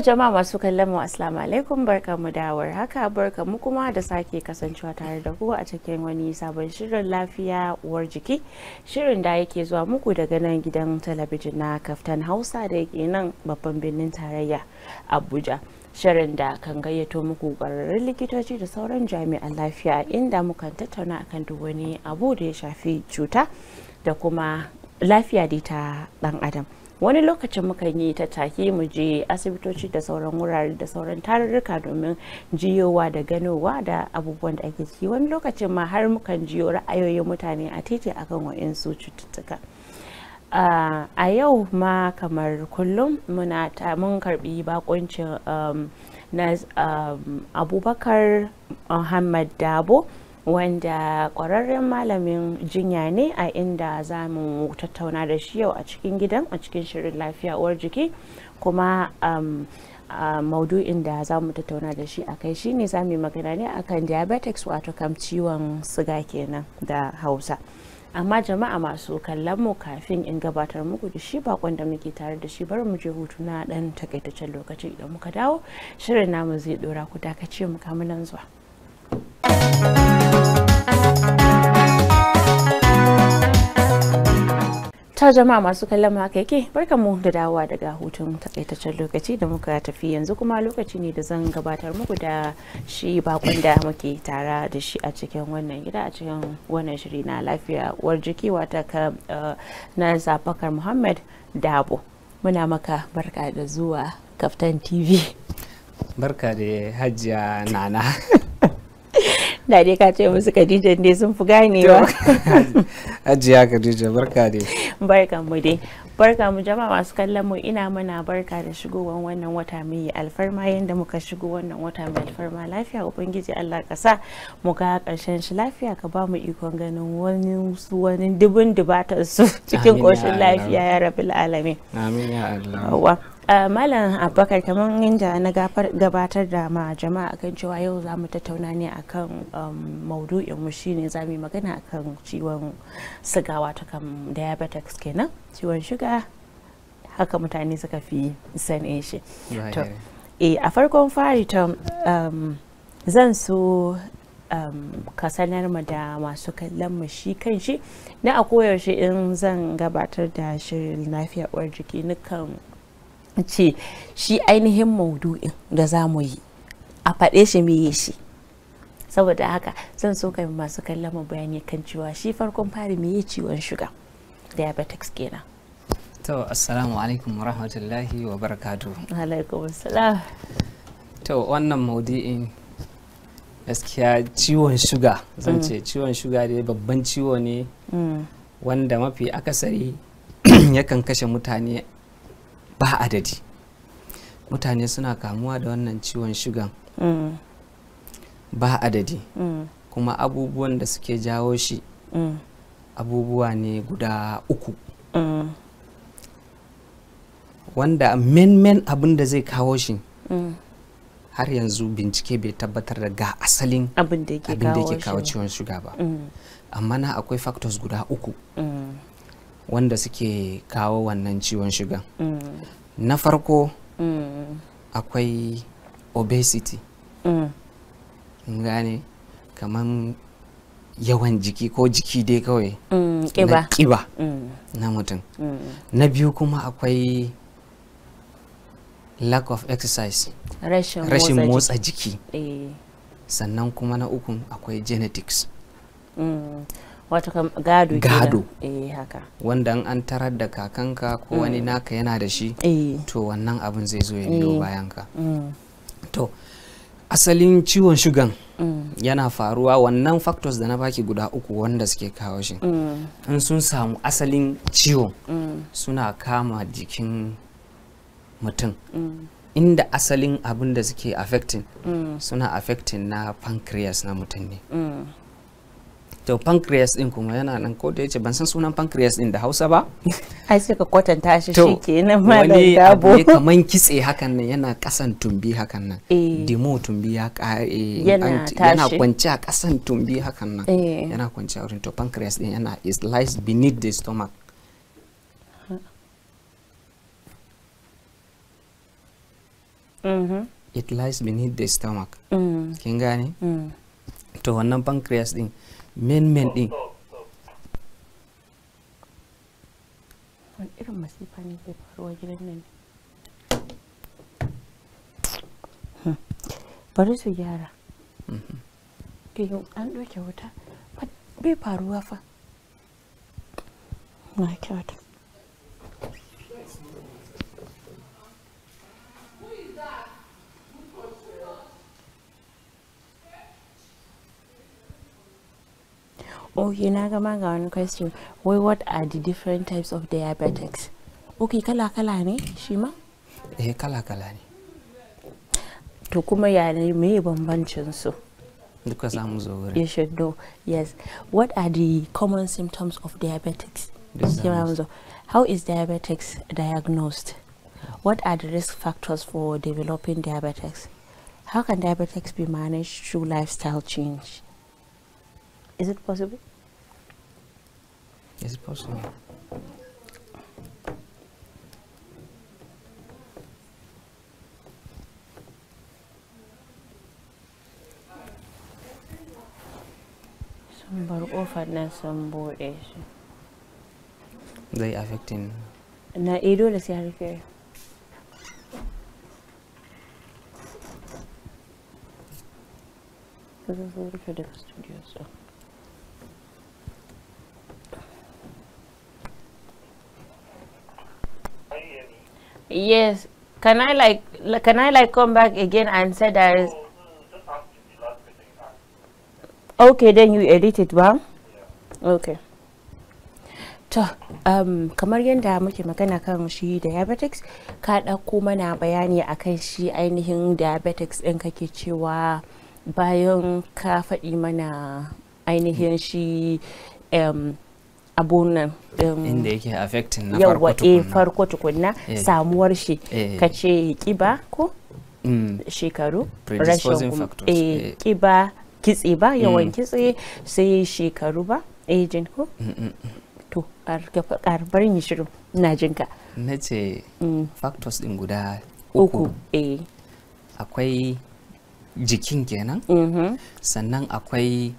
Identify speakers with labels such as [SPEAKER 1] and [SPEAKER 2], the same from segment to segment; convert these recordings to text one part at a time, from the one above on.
[SPEAKER 1] jama'a masu kallon mu assalamu alaikum barkamu da haka mu kuma da sake kasancewa tare da ku a cikin wani sabon shirin lafiya uwar jiki shirin da yake zuwa muku daga nan gidan talabijin na kaftan hausa da yake nan babban birnin tarayya abuja shirin da kan gayyato muku ƙwararrun likitoci da sauran jami'an lafiya inda mukan tattauna akan duk wani abu da ya shafi cuta da kuma lafiya dai ta dan adam wani lokacin mukan yi ta take mu je asibitoci da sauran wurare da sauran tarurruka domin jiyowa da ganowa da abubuwan da ake ciki wani lokacin ma har mukan jiyo ra'ayoyin mutane a titi akan wa'insu cututtuka a yau ma kamar kullum muna ta mun karbi bakuncin um, na um, abubakar muhammad dabo wanda kwararren malamin jinya ne a inda za mu tattauna da shi yau a cikin gidan a cikin shirin lafiya uwar jiki kuma um, inda da za mu tattauna da shi a kai ne za mu yi magana ne akan diabetics wato kam ciwon siga kenan da hausa amma jama'a masu kallon mu kafin in gabatar muku da shi bakon da muke tare da shi bari mu je hutu na dan takaitaccen lokaci idan muka dawo shirin namu zai dora ku dakace mu kamunan zuwa. ta jama'a masu kallon haka yake barkanmu da dawowa daga hutun takaitaccen lokaci da muka tafi yanzu kuma lokaci ne da zan gabatar muku da shi bakon da muke tara da shi a cikin wannan gida a cikin wannan shiri na lafiya uwar jiki wata ka eh, na zafakar muhammad dabo muna maka barka da zuwa kaftan tv
[SPEAKER 2] barka da hajiya nana
[SPEAKER 1] da dai ka ce musu Khadija ne sun fi ganewa
[SPEAKER 2] ajiya Khadija barka dai
[SPEAKER 1] barka mu dai barka mu jama'a masu kallon mu ina muna barka da shigowan wannan wata mai alfarma yadda muka shigo wannan wata mai alfarma lafiya ubangiji Allah ka sa mu ga karshen shi lafiya ka ba mu ikon ganin wani su wani dubun dubatar su cikin koshin lafiya ya rabu alamin
[SPEAKER 2] amin ya Allah
[SPEAKER 1] malam abubakar kamar yadda na gabatar da ma jama'a kan cewa yau za mu tattauna ne akan um, maudu'in mu shine za mu yi magana akan ciwon sigawa wato kan diabetes kenan ciwon shuga haka mutane suka fi sane shi to eh, a farkon fari ta um, zan so um, ka sanar mu da masu kallon mu shi kan shi na a koyaushe in zan gabatar da shirin lafiya uwar jiki nukan ce shi ainihin maudu'in da za mu yi a faɗe shi meye shi saboda haka zan so kai masu kallon mu bayani kan
[SPEAKER 2] cewa shi farkon fari yi ciwon shuga diabetes kenan to assalamu alaikum wa rahmatullahi wa barakatu alaikum assalam to wannan maudu'in gaskiya ciwon shuga zan mm. ce ciwon shuga dai babban ciwo ne mm. wanda mafi akasari yakan kashe mutane ba adadi mutane suna kamuwa da wannan ciwon shugan mm. ba adadi mm. kuma abubuwan da suke jawo shi mm. abubuwa ne guda uku wanda menmen men abin da zai kawo shi har yanzu bincike bai tabbatar da ga asalin
[SPEAKER 1] abin da yake kawo ciwon
[SPEAKER 2] shuga ba amma na akwai factors guda uku wanda suke kawo wannan ciwon shiga. Mm. na farko mm. akwai obesity mm. gane kamar yawan jiki ko jiki dai kawai na kiba na mutum na biyu kuma akwai lack of exercise rashin motsa jiki eh. sannan kuma na uku akwai genetics
[SPEAKER 1] wato gado gado eh haka
[SPEAKER 2] wanda an tarar da kakanka ko wani mm. naka yana da shi eh. to wannan abin zai zo ya biyo mm. bayan ka mm. to asalin ciwon shugan yana faruwa wannan factors da na baki guda uku wanda suke kawo shi in sun samu asalin ciwon suna kama jikin mutum inda asalin abin da suke affecting suna affecting na pancreas na mutum ne to pancreas din kuma yana nan ko da yace ban san sunan pancreas din da Hausa ba
[SPEAKER 1] ai sai ka kwatanta shi shikenan
[SPEAKER 2] malam dabo wani kaman kitse hakan nan yana kasan tumbi hakan nan eh. demo tumbi ya eh, yana kwance a kasan tumbi hakan nan eh. yana kwance a wurin to pancreas din yana is lies beneath the stomach mm-hmm. It lies beneath the stomach. Mm. Kin gane? Mm. To wannan pancreas din men men din
[SPEAKER 1] wani irin masifa ne zai faruwa gidan nan hmm. bari su gyara mhm. an ɗauke wuta bai faruwa fa na kyauta okay oh, na gama ga wani question Well, what are the different types of diabetics okay kala kala ni Shima.
[SPEAKER 2] eh kala kala ni. to kuma ya you
[SPEAKER 1] should know yes what are the common symptoms of diabetics how is diabetics diagnosed what are the risk factors for developing diabetics how can diabetics be managed through lifestyle change is it possible? Is it possible? Sun bar ƙofar nan sun
[SPEAKER 2] They affecting.
[SPEAKER 1] Na eh dole sai harfe. Zan zo rufe daga studio so. Yes. Can I like can I like come back again and say that? Is... okay, then you edit it ba? Okay. To, um, kamar yadda muke magana kan shi diabetics, ka ɗauko mana bayani akan shi ainihin diabetics ɗin kake cewa bayan ka faɗi mana ainihin shi um, abun nan um, inda yake
[SPEAKER 2] affecting na farko eh, tukunna
[SPEAKER 1] farko tukunna eh. samuwar shi eh. kace kiba ko mm. shekaru rashin kiba kitse ba yawan mm. kitse sai shekaru ba aging ko to karbar yi shiru na jinka
[SPEAKER 2] na ce mm. factors din guda uku akwai jikin kenan mm-hmm. sannan akwai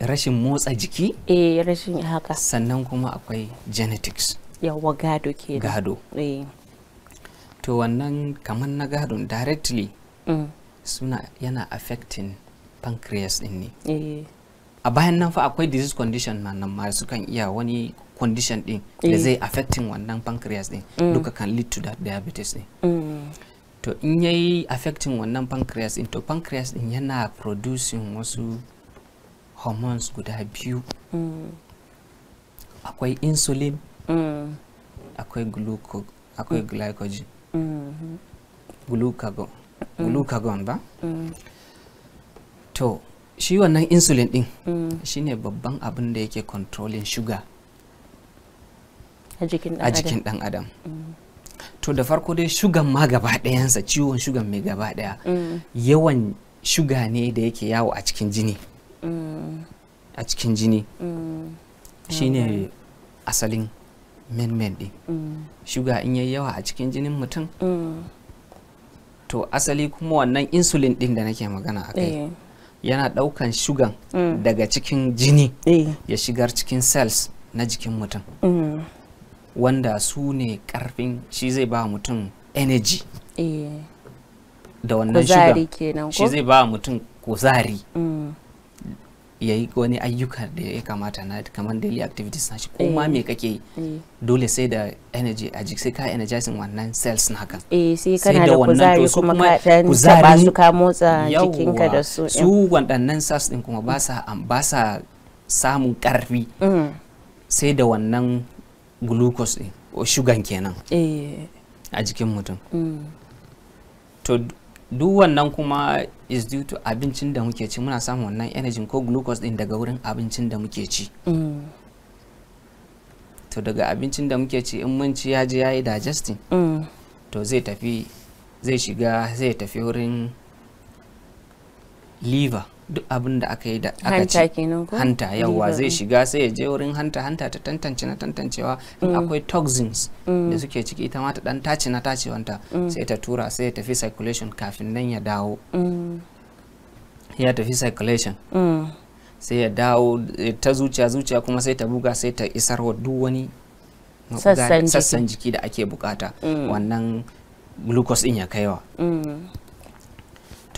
[SPEAKER 2] rashin motsa jiki eh rashin haka sannan kuma akwai genetics yawa gado ke gado eh. to wannan kamar na gado directly mm. suna yana affecting pancreas din ne eh. a bayan nan fa akwai disease condition na nan ma sukan iya wani condition din da eh. zai affecting wannan pancreas din mm. duka kan lead to that diabetes din mm. to in yayi affecting wannan pancreas din to pancreas din yana producing wasu hormones guda biyu mm. akwai insulin mm. akwai akwai mm. glycogen
[SPEAKER 1] mm-hmm.
[SPEAKER 2] glucagon glucagon ba to shi wannan insulin din shine babban abin da yake controlling sugar
[SPEAKER 1] a jikin dan
[SPEAKER 2] adam to da farko dai shugan ma gaba ɗayansa ciwon shugan mai gaba ɗaya yawan shuga ne da yake yawo a cikin jini
[SPEAKER 1] a
[SPEAKER 2] cikin jini Shi ne asalin men men
[SPEAKER 1] din
[SPEAKER 2] shuga in yayi yawa a cikin jinin mutum to asali kuma wannan insulin ɗin da nake magana a kai eh. yana ɗaukan shugan mm. daga cikin jini eh. ya shigar cikin cells na jikin mutum mm. wanda su ne karfin shi zai ba mutum energy eh. da wannan shugan shi zai ba mutum kuzari mm. ya yi wani ayyuka da ya kamata na kamar daily activities na shi kuma eh. me kake yi eh. dole sai da energy a jiki sai ka energizing wannan cells na kan eh sai kana da kuzari kuma ka ba taba su ka motsa jikinka da su eh. su waɗannan cells din kuma ba sa ba sa samun karfi mm. sai da wannan glucose din o sugar kenan a jikin mutum mm. to duk wannan kuma is due to abincin da muke ci muna samun wannan energy ko glucose din daga wurin abincin da muke ci mm. to daga abincin da muke ci in mun ci ya je ya yi digesting mm. to zai tafi zai shiga zai tafi wurin liver duk abin da aka yi da aka ci hanta yawa zai mm. shiga sai ya je wurin hanta hanta ta tantance na tantancewa in mm. akwai toxins da mm. suke ciki ita ma ta dan tace na tacewanta sai ta tura sai ya tafi circulation kafin nan ya dawo ya tafi circulation sai ya dawo eh, ta zuciya zuciya kuma sai ta buga sai ta isar wa duk wani sassan jiki da ake bukata wannan glucose din ya kaiwa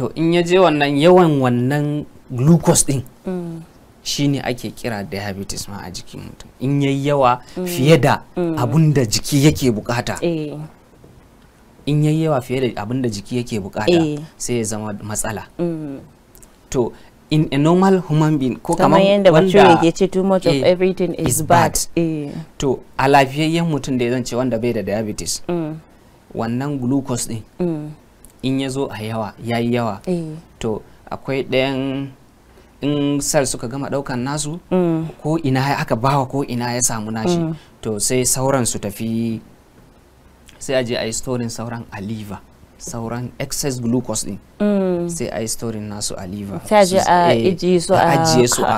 [SPEAKER 2] to in ya je wannan yawan wannan glucose din mm. shine ake kira diabetes ma a jikin mutum in yayi yawa mm. fiye da mm. abun da jiki yake bukata eh. in yayi yawa fiye da abun da jiki yake bukata eh. sai ya zama matsala to in a normal human being ko kamar yadda bature ke ce too much of eh, everything is, bad, to a lafiyayyen mutum da ya zance wanda bai da diabetes wannan glucose din in ya zo a yawa ya yi yawa eh. to akwai ɗayan in sel suka gama ɗaukan nasu mm. ko ina ya aka bawa ko ina ya samu nashi mm. to sai sauran su tafi sai a je a yi storin sauran a liver sauran excess glucose din mm. sai a yi storin nasu a liver sai a je eh, a ajiye su a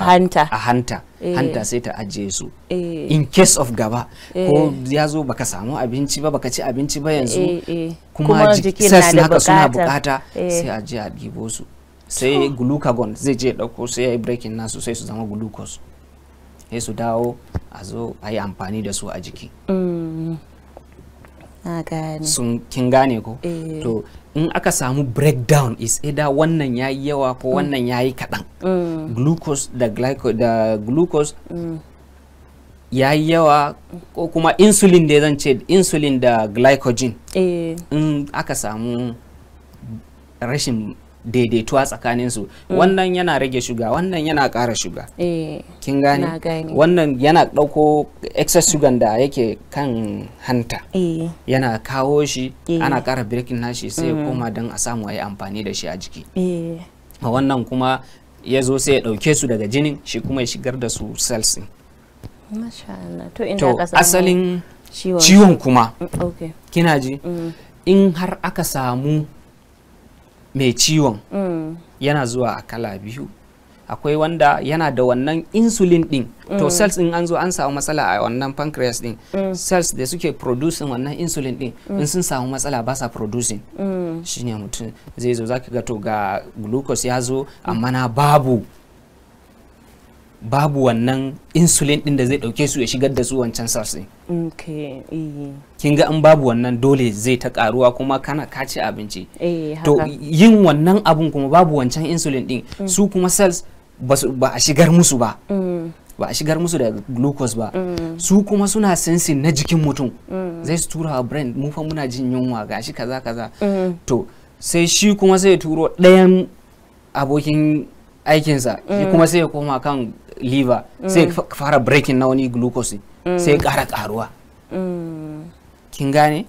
[SPEAKER 2] hanta Eh. hanta sai ta ajiye su eh. in case of gaba ko eh. ya zo baka samu abinci ba baka ci abinci ba yanzu kuma sas naka suna bukata sai a a gibo su sai glucagon zai je dauko sai ya yi breaking nasu sai su zama glucose sai su dawo a zo a yi amfani da su a jiki
[SPEAKER 1] mm.
[SPEAKER 2] sun kin gane ko to in aka samu breakdown is either wannan ya yi yawa ko mm. wannan ya yi kaɗan mm. glucose da glucose mm. ya yi yawa ko kuma insulin da zan ce insulin da glycogen eh. in aka samu rashin daidaituwa tsakanin su mm. wannan yana rage shuga wannan yana ƙara shuga eh, kin gane wannan yana ɗauko excess sugar da yake kan hanta eh. yana kawo shi e. ana ƙara breaking nashi sai ya mm. koma don a samu a yi amfani da shi a jiki wannan kuma ya zo sai ya ɗauke su daga jinin shi kuma ya shigar da su cells
[SPEAKER 1] to asalin ciwon kuma mm, okay.
[SPEAKER 2] kina ji mm. in har aka samu mai ciwon mm. yana zuwa a kala biyu akwai wanda yana da wannan insulin din to mm. cells din an zo an samu matsala a wannan pancreas din mm. cells da suke producing wannan insulin din mm. in sun samu matsala ba sa producing shine mutum zai zo zaki ga to ga glucose ya zo amma na babu babu wannan insulin din da zai dauke su ya shigar da su wancan sars eh. kin ga in babu wannan dole zai ta karuwa kuma kana kaci abinci eh, to yin wannan abun kuma babu wancan insulin din mm. su kuma cells ba a shigar musu ba mm. ba a shigar musu da glucose ba mm. su kuma suna sensing na jikin mutum zai su tura wa brain mu fa muna jin yunwa gashi kaza kaza to sai shi kuma sai turo ɗayan abokin aikinsa shi kuma sai ya koma kan liver mm. sai ka fara breaking na wani glucose mm. sai kara karuwa. Mm. kin gane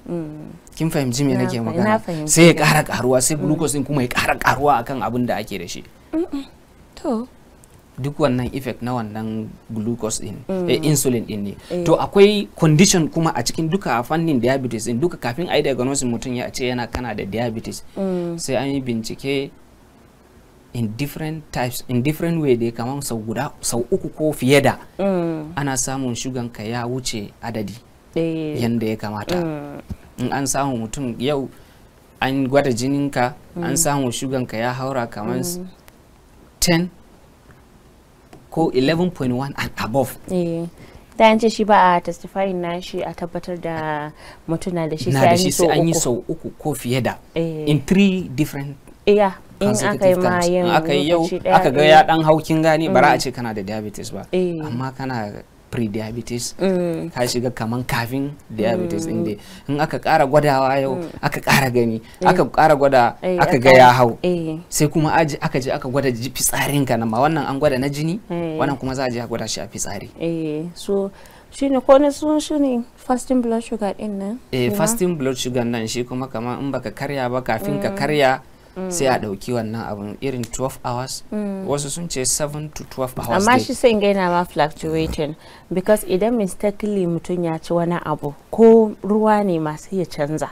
[SPEAKER 2] kin fahimci me nake magana sai ya kara karuwa. sai glucose kuma ya kara karuwa akan abin da ake da shi to duk wannan effect na wannan glucose din eh, insulin din ne eh. to akwai condition kuma a cikin duka fannin diabetes din duka kafin a yi diagnosis mutum ya ce yana kana da diabetes sai an yi bincike in different types in different way dai kamar sau guda sau uku ko fiye da mm. ana samun shugan ka ya wuce adadi eh. yanda ya kamata mm. in an samu mutum yau an gwada jininka mm. an samu shugan ka ya haura kamar 10 mm. ko 11.1 and above
[SPEAKER 1] eh. da yanci shi ba a testifying na shi a tabbatar da mutuna na da shi sai an yi sau
[SPEAKER 2] uku ko fiye da eh. in three different yeah. in aka yi ma In aka yi yau aka ga ya dan eh. haukin gani bara a ce mm. kana da diabetes ba eh. amma kana pre-diabetes mm. ka shiga kaman kafin diabetes din mm. dai in aka kara gwadawa yau aka kara gani eh. aka kara gwada aka ga ya hau sai kuma aka je aka gwada fitsarin ka ma wannan an gwada na jini wannan kuma za a je a gwada shi a fitsari
[SPEAKER 1] so shine ko ne sun shine fasting blood sugar din nan eh fasting
[SPEAKER 2] blood sugar nan shi kuma kaman in baka karya ba kafin ka karya sai a ɗauki wannan abun irin 12 hours mm. wasu sun ce 7 to 12 hours amma shi
[SPEAKER 1] sai yana ma fluctuating because idan mistakenly mutum ya ci wani abu ko ruwa ne masu ya canza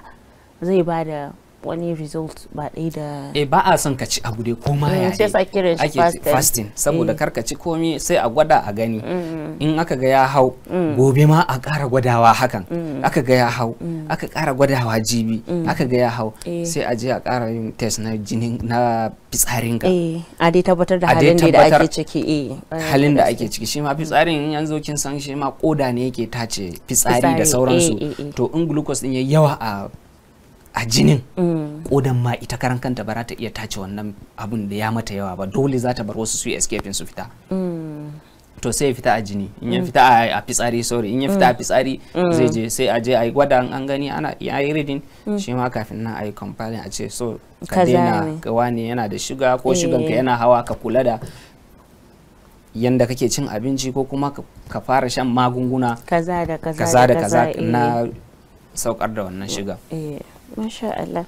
[SPEAKER 1] zai ba da wani result ba ɗaya da
[SPEAKER 2] eh ba a son ka ci abu dai koma mm, ya dai ake fasting saboda eh. kar ka ci komai sai a gwada a gani mm. in aka ga ya hau mm. gobe ma a ƙara gwadawa hakan aka ga ya hau aka ƙara gwadawa jibi aka ga ya hau eh. sai a je a ƙara yin test na jinin na fitsarin ka eh,
[SPEAKER 1] a dai tabbatar da halin da ake ciki eh halin da
[SPEAKER 2] ake ciki shi ma fitsarin yanzu kin san shi ma koda ne yake tace fitsari da sauransu to in glucose din yayi yawa a a jinin mm. kodan ma ita karan kanta ba ta iya tace wannan abun da ya mata yawa ba dole za ta bar wasu su escaping su fita mm. to sai ya fita a jini in ya mm. fita a fitsari sorry in ya fita a fitsari zai je sai a je a yi gwada an gani ana yi reading shi ma kafin nan a yi compiling a ce so ka daina ga wani yana da shuga ko eh. shugan ka yana hawa ka kula da yanda kake cin abinci ko kuma ka fara shan magunguna
[SPEAKER 1] kaza da kaza na eh.
[SPEAKER 2] saukar da wannan shiga.
[SPEAKER 1] Eh. masha Allah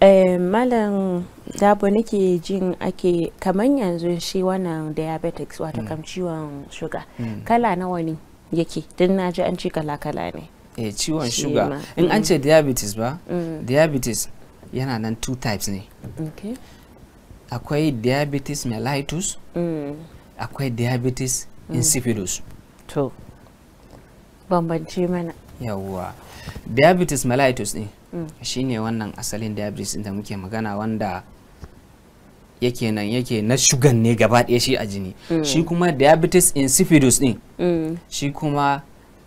[SPEAKER 1] eh, malam dabo nake jin ake kaman yanzu shi wannan diabetics wato mm. kam ciwon shuga mm. kala nawa ne yake din na ji an ci kala kala ne
[SPEAKER 2] eh ciwon shuga in an mm. ce diabetes ba diabetes yana nan two types ne okay. akwai diabetes mellitus akwai diabetes
[SPEAKER 1] insipidus
[SPEAKER 2] to bambance mana yawwa diabetes mellitus ne shine wannan asalin diabetes da muke magana wanda yake nan yake na shugan ne gaba ɗaya shi a jini mm. shi kuma diabetes insipidus din mm. shi kuma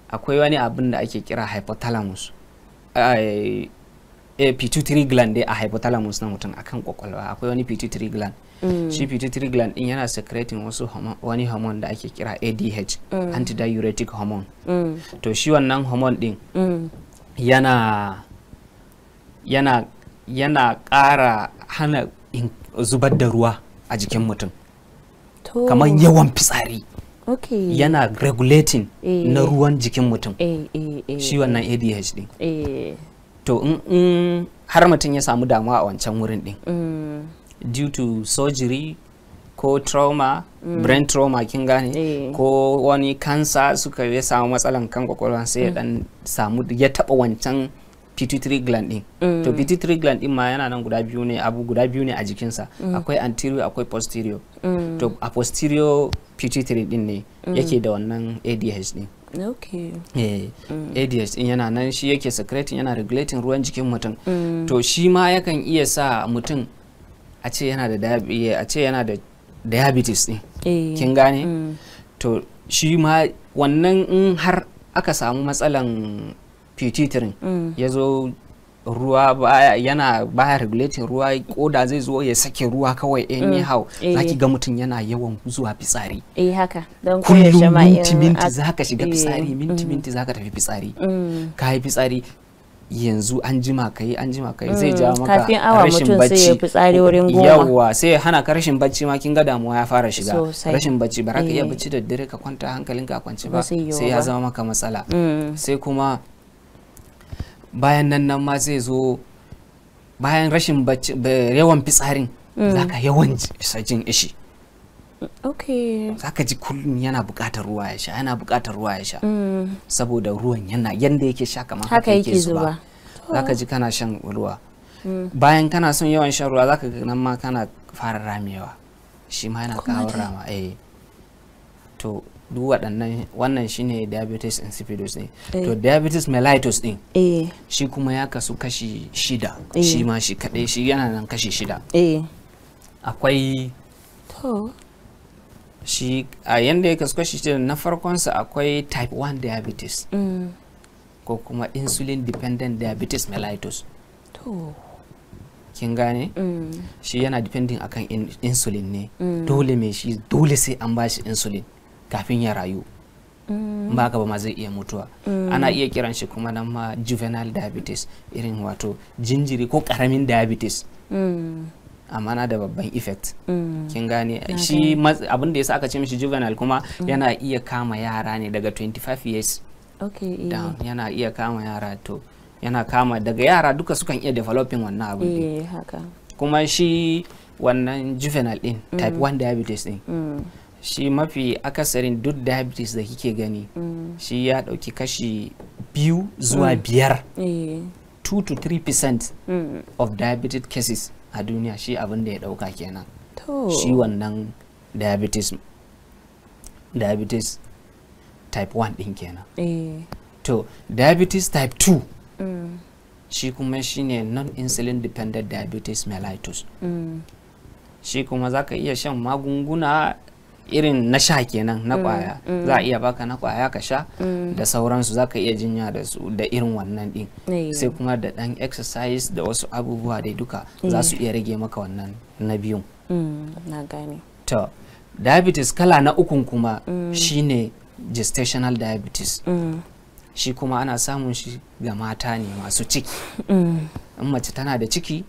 [SPEAKER 2] akwai wani abin da ake kira hypothalamus eh, pituitary gland dai a hypothalamus na mutum akan kwakwalwa akwai wani pituitary gland mm. shi pituitary gland din yana secreting wasu wani hormone da ake kira ADH antidiuretic hormone to shi wannan hormone din yana yana yana ƙara hana zubar da ruwa a jikin mutum kamar yawan fitsari okay. yana regulating eh. na ruwan jikin mutum eh, eh, eh. shi wannan adhd eh. to in mm, har mutum ya samu damuwa a wancan wurin din mm. due to surgery ko trauma mm. brain trauma kin gane ko wani kansa suka ya samu matsalan kan kwakwalwa sai ya mm. dan samu ya taba wancan pituitary gland din mm. to pituitary gland din ma yana nan guda biyu ne abu guda biyu ne a jikinsa mm. akwai anterior akwai posterior mm. to a posterior pituitary din ne mm. yake da wannan ADH din okay eh mm. ADH din yana nan shi yake secreting yana regulating ruwan jikin mutum mm. to shi ma yakan iya sa mutum a ce yana da eh, a ce yana da diabetes din eh. kin gane mm. to shi ma wannan in har aka samu matsalan pituitary mm. ya zo ruwa baya yana baya regulating ruwa koda zai zo ya sake ruwa kawai eh, mm. anyhow za zaki eh. ga mutum yana yawan zuwa fitsari
[SPEAKER 1] eh haka don kullum minti minti ka shiga eh. fitsari minti
[SPEAKER 2] mm. minti ka tafi fitsari ka yi fitsari yanzu an jima ka yi an jima ka yi zai ja maka rashin bacci kafin awa yawwa sai ya hana ka rashin bacci ma kin ga damuwa ya fara shiga rashin bacci ba ka iya bacci da dare ka kwanta hankalinka kwance ba sai ya zama maka matsala sai kuma bayan nan nan ma zai zo bayan rashin yawan fitsarin mm. za ka yawan jin ishi okay. za ka ji kullum yana buƙatar ruwa ya sha yana buƙatar ruwa ya sha mm. saboda ruwan yana yanda yake sha kamar haka yake zuba za ka oh. ji kana shan ruwa mm. bayan kana son yawan shan ruwa za ka nan ma kana fara ramewa shi ma yana kawo rama eh to duk waɗannan wannan shine diabetes insipidus ne to eh. diabetes mellitus din eh. shi kuma ya kasu kashi shida eh. shi ma shi kaɗai shi yana nan kashi shida akwai shi a yanda ya kasu kashi shida na farkonsa akwai type 1 diabetes mm. ko kuma insulin dependent diabetes mellitus kin gane mm. shi yana depending akan insulin ne mm. dole mai shi dole sai an bashi insulin kafin ya rayu mm. ba gaba ma zai iya mutuwa mm. ana iya kiran shi kuma nan ma juvenile diabetes irin wato jinjiri ko karamin diabetes mm. amma na da babban effect kin gane shi abin da ya aka ce mishi juvenile kuma yana iya kama yara ne daga 25 years okay, eh. down yana iya kama yara to yana kama daga yara duka sukan iya developing wannan abu eh, kuma shi wannan juvenile din type 1 diabetes din shi mafi akasarin duk diabetes da kike gani mm. shi ya dauki kashi biyu zuwa mm. biyar 2 eh. to 3 mm. of diabetic cases a duniya shi abin da ya dauka kenan shi wannan diabetes type 1 din kenan eh. to diabetes type 2 shi kuma shine non-insulin dependent diabetes mellitus shi kuma zaka iya shan magunguna irin na sha kenan na mm, kwaya mm. za a iya baka na kwaya ka sha mm. da sauransu za ka iya jinya da su da irin wannan din sai kuma da dan exercise da wasu abubuwa dai duka za su iya rage maka wannan na biyun na gane to diabetes kala na ukun kuma shine gestational diabetes shi kuma ana samun shi ga mata ne masu ciki in mace tana da ciki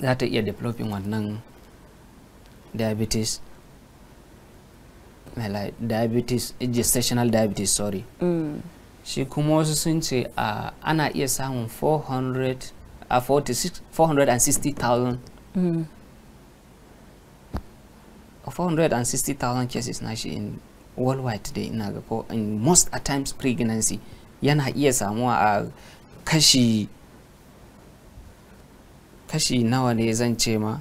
[SPEAKER 2] za ta iya developing wannan diabetes Eh, like diabetes gestational diabetes sorry mm. shi kuma wasu sun ce uh, ana iya samun 400 uh, 460,000 mm. 460,000 cases na shi in worldwide today ina ga ko in most at times pregnancy yana iya samuwa a kashi kashi nawa ne zan ce ma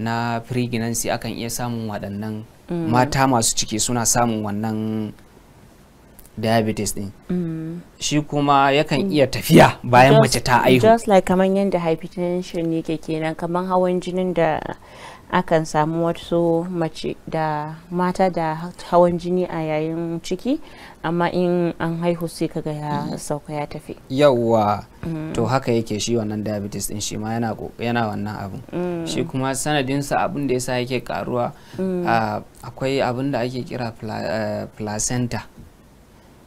[SPEAKER 2] na pregnancy akan iya samun waɗannan mm. mata masu ciki suna samun wannan diabetes din mm. shi kuma yakan iya tafiya bayan mace ta aihu just
[SPEAKER 1] like kaman yanda hypertension yake kenan kaman hawan jinin da akan samu wasu mace da mata da hawan jini a yayin ciki amma in an haihu sai kaga ya sauka ya tafi
[SPEAKER 2] yawwa mm. to haka yake shi wannan diabetes din shi ma yana wannan abun mm. shi kuma sanadinsa abin da yasa yake karuwa ah, akwai abin da ake kira eh, placenta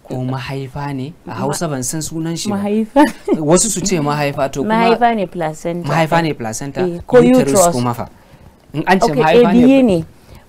[SPEAKER 2] ko mahaifa ne a hausa ban san sunan shi mahaifa wasu su ce mahaifa to kuma mahaifa
[SPEAKER 1] ne placenta mahaifa ne
[SPEAKER 2] placenta eh, ko uterus ko mafa in an ce eh, mahaifa ne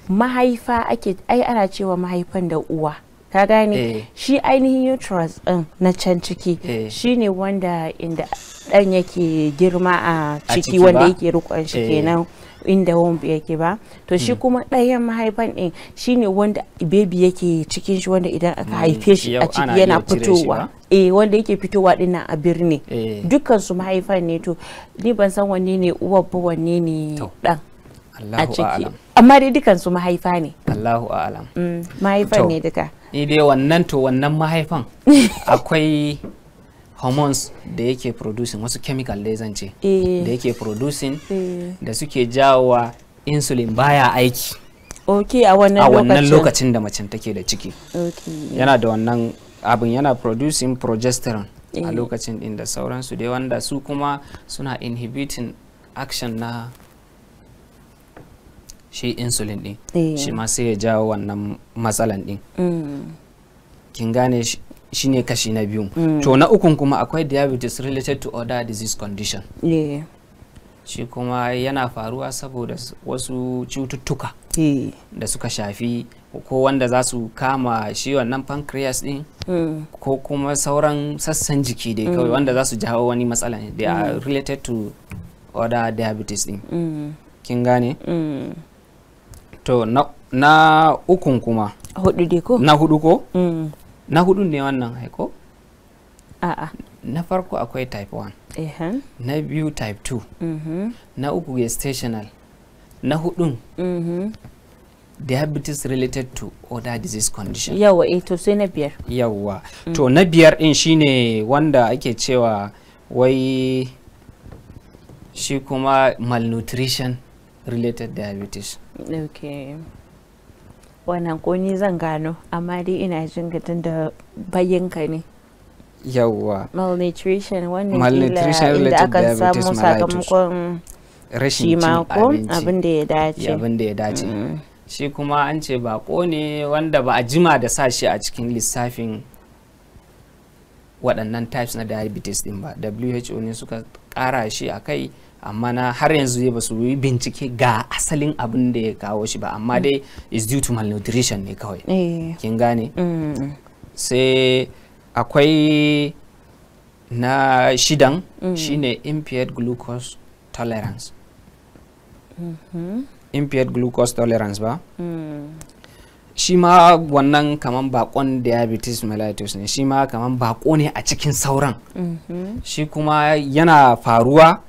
[SPEAKER 1] mahaifa ake ai ana cewa mahaifan da uwa ka gane eh. shi ainihin uterus din na can ciki shine wanda inda dan yake girma a ciki wanda yake rukon shi kenan inda womb yake ba to shi hmm. kuma ɗayan mahaifan ɗin shine wanda baby yake cikin shi wanda idan aka hmm. haife shi a ciki yana fitowa e wanda yake fitowa dinnan a birni eh. dukkan su mahaifan ne to ni ban san wanne ne uwar ba wanne ne dan a ciki amma dai dukan su mahaifa ne
[SPEAKER 2] Allahu a'lam mm, mahaifan ne duka ni dai wannan to wannan mahaifan akwai hormones da yake producing wasu chemical da ce eh. da yake producing eh. da suke jawowa insulin baya aiki Okay
[SPEAKER 1] a wannan lokacin
[SPEAKER 2] da macen take da ciki yana da wannan abin yana producing progesterone a eh. lokacin din da sauransu dai wanda su kuma suna inhibiting action na shi insulin din shi ma sai ya jawo wannan matsalan din mm. kin gane shine kashi na biyu mm. to na ukun kuma akwai diabetes related to other disease condition yeah. shi kuma yana faruwa saboda wasu cututtuka yeah. da suka shafi ko wanda za su kama shi wannan pancreas din mm. ko kuma sauran sassan jiki dai kawai mm. wanda za su jawo wani matsala ne they are mm. related to other diabetes din mm. kin gane mm. to na, na ukun kuma hudu ko na hudu ko na hudun ne wannan haiko? a'a na farko akwai type 1 na biyu type 2 mm na uku gestational na hudun mm diabetes related to other disease condition yawa eh to sai na biyar yawa mm. to na biyar din shine wanda ake cewa wai shi kuma malnutrition related diabetes okay
[SPEAKER 1] wannan ko ni zan gano amma dai ina jin gadin da bayyanka ne
[SPEAKER 2] yawwa
[SPEAKER 1] malnutrition wannan malnutrition inda aka samu sakamakon rashin cin abinci abin da ya dace abin da ya dace mm.
[SPEAKER 2] shi kuma an ce bako ne wanda ba a jima da sa shi a cikin lissafin waɗannan types na diabetes din ba WHO ne suka kara shi a kai amma na har yanzu ya ba su yi bincike ga asalin abin da ya kawo shi ba amma dai is due to malnutrition ne kawai eh. kin gane mm. sai akwai na shidan mm. shine impaired glucose tolerance
[SPEAKER 1] mm-hmm.
[SPEAKER 2] impaired glucose tolerance ba mm. shi ma wannan kaman bakon diabetes mellitus ne shi ma kaman bako ne a cikin sauran mm-hmm. shi kuma yana faruwa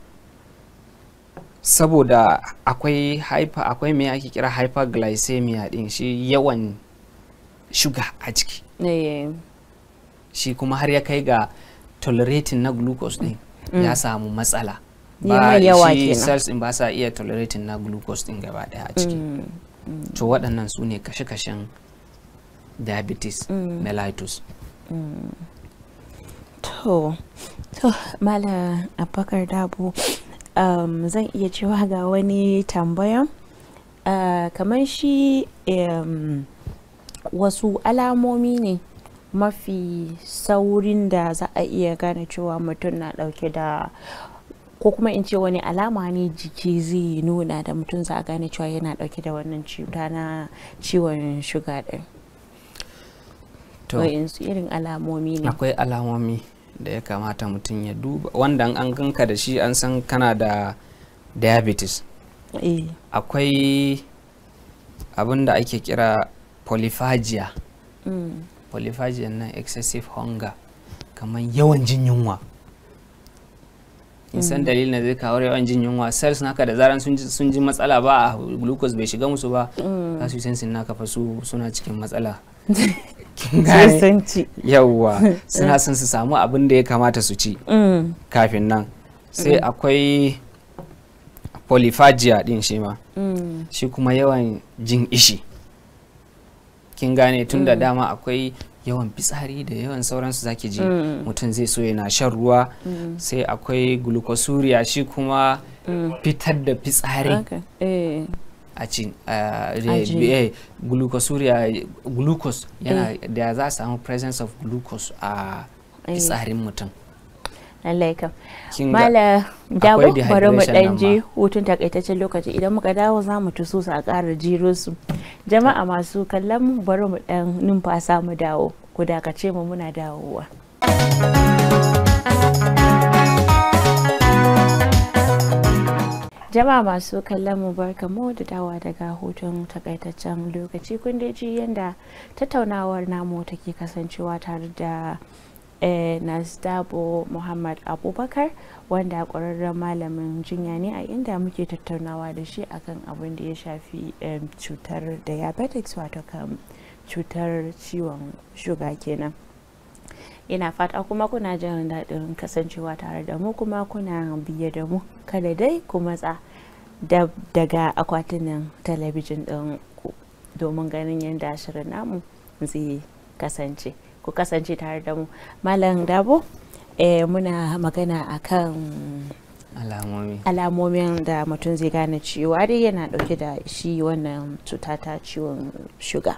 [SPEAKER 2] saboda akwai haifa akwai me ake kira hyperglycemia din shi yawan shuga a ciki. Eh. shi kuma har ya kai ga tolerating na glucose din mm. ya samu matsala ba shi cells in ba sa iya tolerating na glucose din gaba daya a ciki mm, mm. to waɗannan su ne kashe-kashen diabetes mellitus to
[SPEAKER 1] to mala abakar dabo um, zan iya cewa ga wani tambayon uh, kamar shi um, wasu alamomi ne mafi saurin da za a iya gane cewa mutum na dauke da ko kuma in ce wani alama ne jiki zai nuna da mutum za a gane cewa yana dauke da wannan cuta na ciwon shuga din to irin alamomi ne
[SPEAKER 2] akwai alamomi da ya kamata mutum ya duba wanda an ganka da shi an san kana da diabetes eh. akwai abin da ake kira polyphagia mm. polyphagia nan excessive hunger kamar yawan jin yunwa san mm. dalilin zai kawo yawan jin yunwa cells naka da zaran sun ji matsala ba a glucose bai shiga musu ba mm. za su yi sensin naka fa suna cikin matsala sun ci yawwa suna son su samu abin da ya kamata su ci mm. kafin nan sai mm. akwai polyphagia din shi ma mm. shi kuma yawan jin ishi kin gane tun da dama akwai yawan fitsari da yawan sauransu zaki ji mutum zai so yana shan ruwa sai akwai glucosuria shi kuma fitar da fitsari a cin eh, glucosuria glucose yana eh. da za a samu presence of glucose a eh. tsarin mutum lallai kam mala dawo bari mu dan je
[SPEAKER 1] hutun takaitaccen lokaci idan muka dawo za mu tuso su a ƙara jiro su jama'a masu kallon mu bari mu dan numfasa mu dawo ku dakace mu muna dawowa jama'a masu kallon mu barka mu da dawa daga hutun takaitaccen lokaci kun dai ji yadda tattaunawar namu take kasancewa tare da eh, nasdabo muhammad abubakar wanda ƙwararren malamin jinya ne a inda muke tattaunawa da shi akan abin da ya shafi eh, cutar diabetics wato kan cutar ciwon shuga kenan ina fata kuma kuna jin daɗin kasancewa tare da mu kuma kuna biye da mu kada dai ku matsa daga akwatinan talabijin ɗin ku domin ganin yadda shirin namu zai kasance ku kasance tare da mu malam dabo e, muna magana akan
[SPEAKER 2] alamomi
[SPEAKER 1] alamomin da mutum zai gane cewa dai yana dauke da shi wannan cuta ta ciwon shuga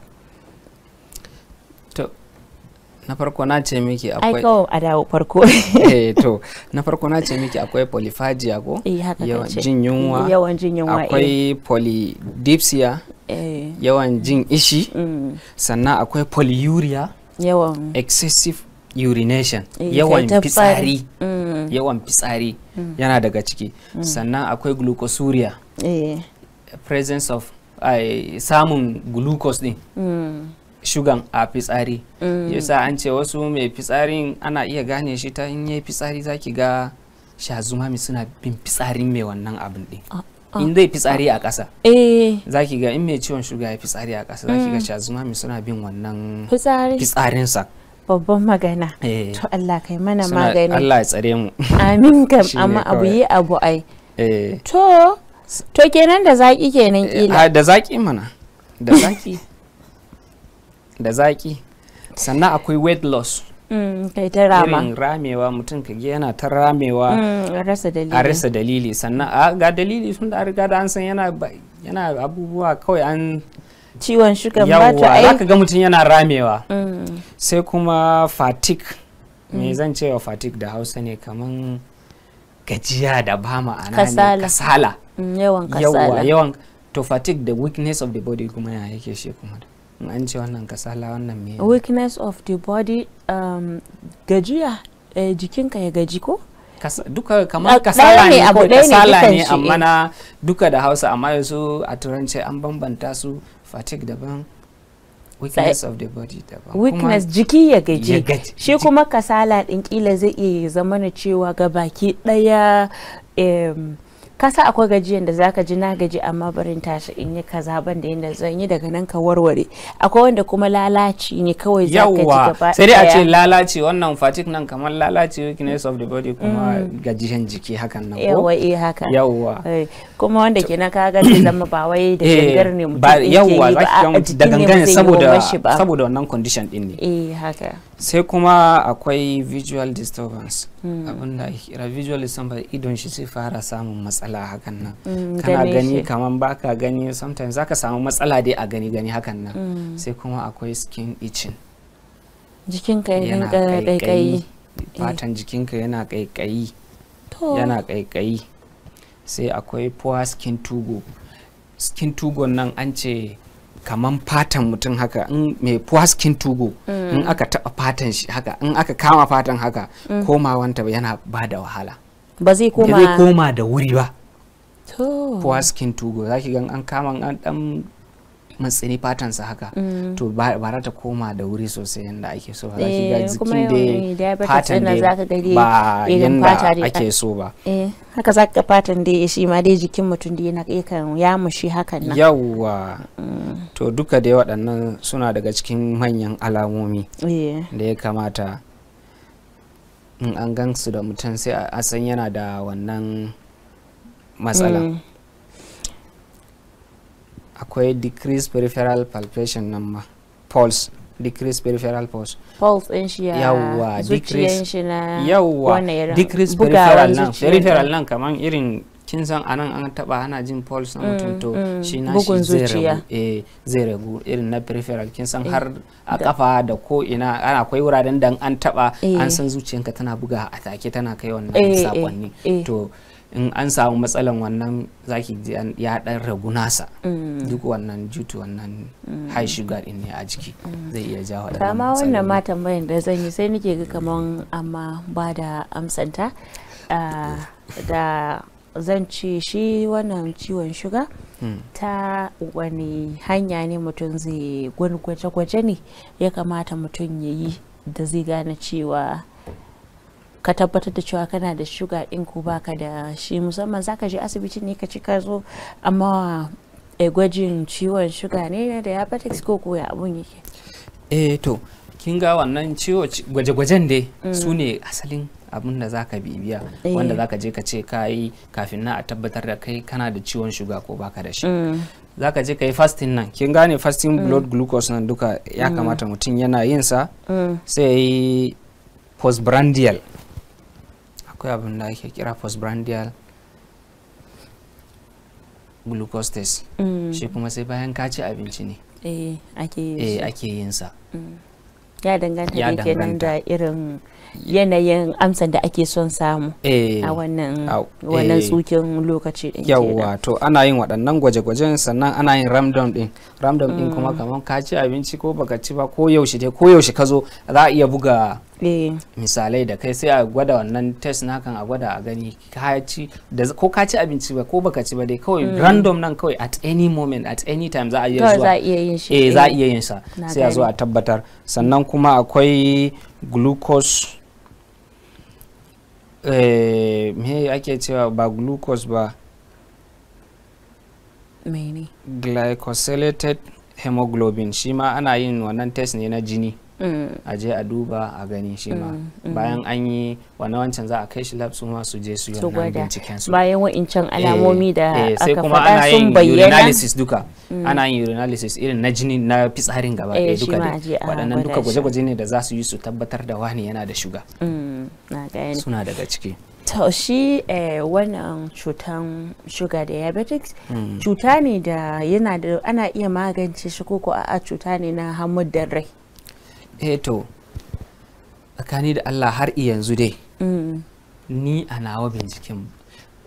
[SPEAKER 2] na farko na ce miki akwai aiko a dawo farko eh to na farko na ce miki akwai polyphagia ko eh, yawan jin yunwa yawan
[SPEAKER 1] jin yunwa eh. akwai
[SPEAKER 2] polydipsia eh. yawan jin ishi mm. sannan akwai polyuria yawan excessive urination mm. yawan fitsari yawan mm. fitsari yana daga ciki sannan akwai glucosuria presence of samun glucose din shugan a fitsari mm. yasa an ce wasu mai fitsarin ana iya gane shi ta in yi fitsari zaki ga shazumami suna bin fitsarin mai wannan abin din ah,
[SPEAKER 1] ah. in zai fitsari a ƙasa
[SPEAKER 2] eh. zaki ga in mai ciwon shuga ya fitsari a ƙasa zaki ga mm. shazumami suna bin wannan fitsarinsa
[SPEAKER 1] babban magana eh. to Allah kai mana magani Allah
[SPEAKER 2] ya tsare mu amin
[SPEAKER 1] kam amma abu yi abu ai eh. to to kenan da zaki kenan kila
[SPEAKER 2] da zaki mana da zaki da zaki sannan akwai weight loss mm, kai ta rama irin ramewa mutum ka yana ta ramewa mm, a rasa dalili sannan a ga dalili sun da riga da an san yana abubuwa kawai an ciwon shuka ba ta ai ka ga mutum yana ramewa mm. sai kuma fatik me zan ce wa fatik da hausa ne kaman gajiya da ba ma'ana ne kasala yawan kasala yawan to fatigue the weakness of the body kuma ya yake shi kuma da an ce wannan kasala wannan me
[SPEAKER 1] weakness of the body um, gajiya eh, jikinka ya gaji ko duka
[SPEAKER 2] kamar kasala ne ko kasala ne amma eh. na duka da hausa amma yanzu a turanci an bambanta su fatigue daban weakness of the body daban weakness jiki ya gaji
[SPEAKER 1] shi kuma kasala din kila zai iya zama na cewa ga baki daya ka sa akwai gajiyan da zaka ji na gaji amma barin tashi in yi kaza ban da yadda zan yi daga nan ka warware akwai wanda kuma lalaci ne kawai zaka ji gaba sai dai a ce
[SPEAKER 2] lalaci wannan fatigue nan kamar lalaci weakness of the body kuma mm. gajiyan jiki hakan nan ko yawa eh haka yawa
[SPEAKER 1] eh, kuma wanda na ka ga zai zama ba wai da eh, gangar ne mutum yi ba da gangan saboda
[SPEAKER 2] saboda wannan condition din ne eh haka sai kuma akwai visual disturbance Mm. abinda kira visually somebody idon shi sai fara samun matsala hakan nan mm, kana gani kaman baka gani sometimes zaka samu matsala dai a gani gani hakan nan mm. sai kuma akwai skin itching
[SPEAKER 1] jikinka yana kaikayi fatan
[SPEAKER 2] jikinka yana kaikayi yana kaikayi sai akwai poor skin tugo skin tugo nan an ce kaman fatan mutum haka in mai puaskin tugo mm. in aka taɓa fatan shi haka in aka kama fatan haka mm. komawanta yana ba da wahala
[SPEAKER 1] ba zai koma
[SPEAKER 2] da wuri ba puaskin tugu. za ki gan an kama an dan matsini fatan sa haka mm. to ba ta koma da wuri sosai yanda ake so ba ga eh, jikin da fatan da ba yanda ake so ba
[SPEAKER 1] eh, haka za ka fatan da shi ma dai jikin mutum da yana kan ya mushi hakan nan
[SPEAKER 2] yawa mm. to duka da waɗannan suna daga cikin manyan alamomi eh. da ya kamata in an gan su da mutum sai a san yana da wannan matsala mm. akwai decrease peripheral palpation nan ma pulse decrease peripheral pulse pulse din shi yawwa decrease shi na yawwa decrease peripheral nan peripheral nan kaman irin kin san anan an taba ana jin pulse na mutum mm, to mm, shi na shi eh, zai ragu irin na peripheral kin san eh, har a kafa da ko ina ana akwai wuraren da an taba an eh. san zuciyanka tana buga a take tana kai wannan sakonni to in an samu matsalan wannan zaki ji ya dan ragu nasa mm. duk wannan jutu wannan mm. high sugar din ne a jiki mm. zai iya ja waɗannan dama wannan
[SPEAKER 1] ma tambayan da zan yi sai nake ga kaman amma ba da amsanta ah, da zan ce shi wannan ciwon shuga ta wani hanya ne mutum zai gwaje-gwaje ne ya kamata mutum ya yi da zai gane cewa ka tabbatar da cewa kana da shuga din ko baka da shi musamman zaka je asibiti ne ka ci ka zo amma gwajin ciwon shuga ne da diabetes ko ya abun yake
[SPEAKER 2] eh to kin ga wannan ciwo gwaje-gwajen dai mm. su ne asalin abin da zaka bibiya eh. wanda za ka je ka ce ka yi kafin na a tabbatar da kai kana da ciwon shuga ko baka da shi mm. za je ka yi fasting nan kin gane fasting mm. blood glucose nan duka ya kamata mutum yana yin sa sai postprandial akwai abin da ake kira postbrandial glucose test mm. shi kuma sai bayan ka ci abinci ne
[SPEAKER 1] eh, eh, ake yin sa mm. ya danganta da kenan da irin yanayin amsan da ake son samu eh. a
[SPEAKER 2] wannan
[SPEAKER 1] tsukin lokaci din yawwa
[SPEAKER 2] to ana yin waɗannan gwaje-gwajen sannan ana yin ramdom din ramdom din kuma mm. kamar ka ci abinci ko baka ci ba ko yaushe dai ko yaushe ka zo za a iya buga Eh. misalai da kai sai a gwada wannan test na kan a gwada a gani ko ka ci abinci ba ko baka ci ba dai kawai mm. random nan kawai at any moment at any time za a iya zuwa a eh za a iya yin eh, eh. sa sai a zo a tabbatar sannan kuma akwai glucose eh me ake cewa ba glucose ba mene glycosylated hemoglobin shi ma ana yin wannan test ne na jini Mm. a je a duba a gani shi ma mm, mm. bayan an yi wani wancan za a kai shi lab su ma su je su yi wannan binciken
[SPEAKER 1] su bayan wa'incan eh, alamomi da eh, aka faɗa sun bayyana urinalysis
[SPEAKER 2] duka ana yin urinalysis irin na jini na fitsarin gaba eh, ɗaya duka waɗannan duka gwaje-gwaje ne da za su yi su tabbatar da wani yana da shuga suna daga ciki
[SPEAKER 1] to shi wannan cutan sugar diabetics cuta ne da yana da ana iya magance shi koko a cuta ne na hamuddin rai
[SPEAKER 2] eto eh tsakani da Allah har yanzu dai mm. ni a nawa binciken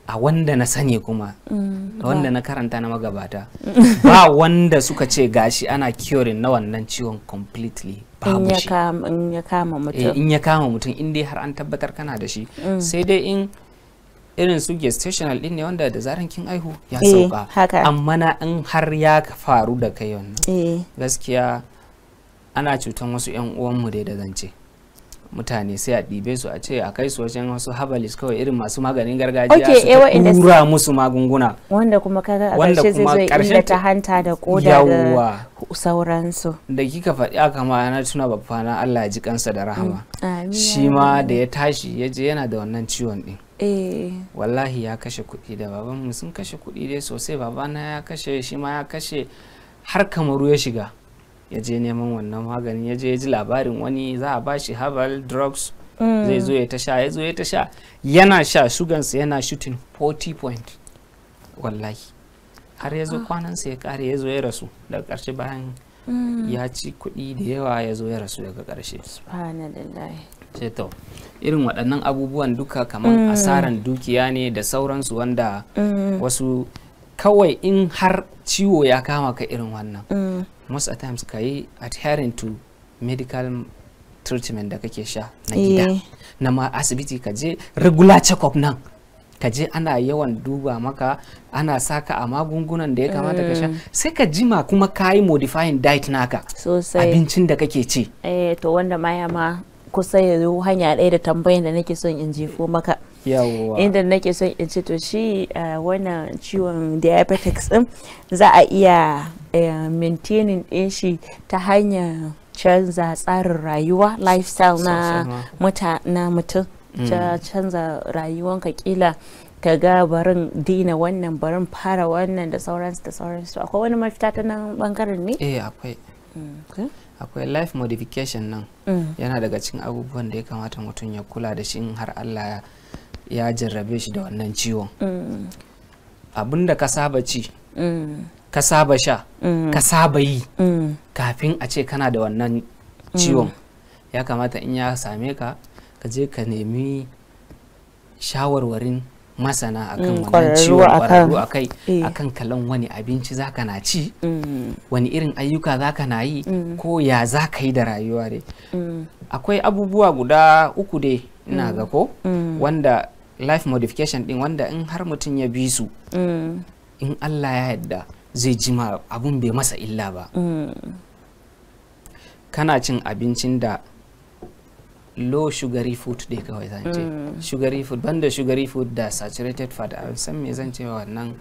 [SPEAKER 2] a wanda na sani kuma da
[SPEAKER 1] mm. wanda na
[SPEAKER 2] karanta na magabata mm. ba wanda suka ce gashi ana curing na wannan ciwon completely in ya kama mutum eh, in ya kama mutum in dai har an tabbatar kana da shi sai dai in irin su gestational din ne wanda da zaran kin aihu ya sauka eh, amma na in har ya faru da kai wannan gaskiya ana cutan wasu 'yan uwanmu dai da zance mutane sai a ɗibe su a ce a kai su wajen wasu habalis kawai irin masu maganin gargajiya su tura eh, musu magunguna
[SPEAKER 1] wanda kuma kaga a ƙarshe zai zo inda ta hanta da koda da
[SPEAKER 2] sauransu da kika faɗi a kama na tuna babba na Allah ji kansa da rahama mm. shi ma da ya tashi ya je yana da wannan ciwon din eh. wallahi ya kashe kuɗi da babanmu sun kashe kuɗi dai sosai babana ya kashe shi ma ya kashe har kamaru ya shiga ya je neman wannan maganin ya je ya ji labarin wani za a ba shi herbal drugs mm. zai zo ya ta sha ya zo ya ta sha yana sha shugansa yana shooting 40 point wallahi har ya zo ah. kwanansa ya kare ya zo ya rasu daga karshe bayan mm. ya ci kuɗi da yawa ya zo ya rasu daga karshe to irin waɗannan abubuwan duka kaman mm. asaran dukiya ne da sauransu wanda wasu kawai in har ciwo ya kama ka irin wannan mm. most of times ka yi adhering to medical treatment da kake sha na eh. gida na ma asibiti ka je regular check-up nan ka je ana yawan duba maka ana saka a magungunan da ya kamata ka sha mm. sai ka jima kuma ka yi modifying diet naka abincin da kake ci eh to wanda
[SPEAKER 1] ma ya ma kusa yanzu hanya ɗaya da tambayin da nake son in jefo maka
[SPEAKER 2] inda
[SPEAKER 1] nake son in ce to shi eh, wannan ciwon diabetes din za a iya eh, maintaining din shi ta hanyar canza tsarin rayuwa lifestyle na mutum mm. canza rayuwanka kila ka ga barin dina wannan barin fara wannan da sauransu da sauransu akwai wani mafita ta nan bangaren ne? eh akwai mm,
[SPEAKER 2] akwai life modification nan mm. yana daga cikin abubuwan da ya kamata mutum ya kula da shi in har Allah ya ya jarrabe shi da wannan ciwon mm. abin da ka saba ci mm. ka saba sha mm. ka saba yi kafin a ce kana da wannan ciwon ya kamata in ya same ka ka je ka nemi shawarwarin masana akan wannan ciwon kwararru a kai eh. akan kalan wani abinci zaka na ci wani irin ayyuka zaka na yi ko ya zaka yi da rayuwa ne akwai abubuwa guda uku dai ina ga ko wanda life modification din wanda in har mutum ya bi su mm. in Allah ya yadda zai ji ma abun bai masa illa ba mm. kana cin abincin da low sugary food dai kawai zan ce mm. sugary food banda sugary food da saturated fat a san me zan ce wannan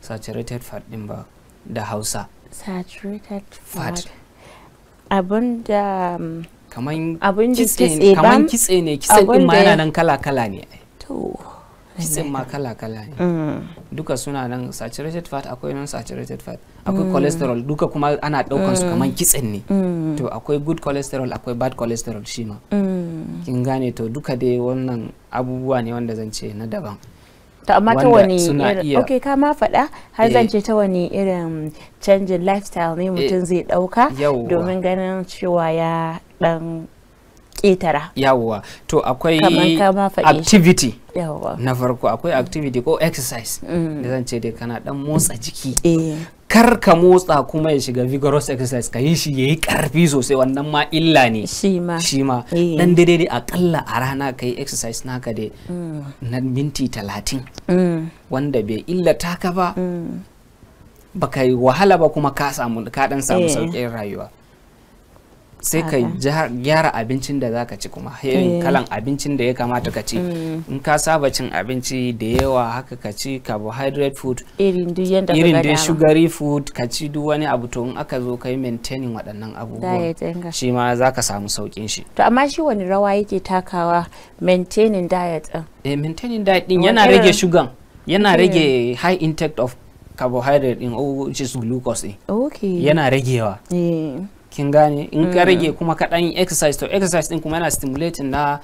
[SPEAKER 2] saturated fat din ba da hausa
[SPEAKER 1] saturated fat abin da um, kaman kitse ne kitse din ma nan
[SPEAKER 2] kala kala ne kitsin ma kala-kala ne mm. duka suna nan saturated fat akwai non saturated fat akwai mm. cholesterol duka kuma ana daukan su mm. kaman kitsen ne to akwai good cholesterol akwai bad cholesterol shi ma kin gane to duka dai wannan abubuwa ne wanda zan ce na daban ta amma ta wani irin ok
[SPEAKER 1] ka ma faɗa har zan eh. ce ta wani irin canjin lifestyle ne eh. mutum zai ɗauka domin ganin cewa ya ɗan ketara
[SPEAKER 2] yawwa to akwai activity na farko akwai activity ko exercise mm. da zan ce dai kana dan motsa jiki eh. kar ka motsa kuma ya shiga vigorous exercise ka yi shi ya yi karfi sosai wannan ma illa ne shi ma dan eh. daidai akalla a rana ka yi exercise naka da mm. na minti talatin mm. wanda bai illata ka ba baka yi wahala ba kuma ka samu ka dan samu eh. sauƙin rayuwa sai ka gyara abincin da zaka ci kuma irin eh. kalan abincin da ya kamata ka ci mm. in ka saba cin abinci da yawa haka ka ci carbohydrate food
[SPEAKER 1] irin irin dai sugary
[SPEAKER 2] food ka ci duk wani abu to in aka zo ka yi maintaining waɗannan abubuwan shi ma zaka samu saukin shi
[SPEAKER 1] to amma shi wani rawa yake takawa maintaining diet
[SPEAKER 2] eh maintaining diet din yana rage sugar yana rage high intake of carbohydrate din oh, which is glucose din okay yana ragewa eh. kin gane in ka mm. rage kuma kaɗan exercise to exercise din kuma yana stimulating na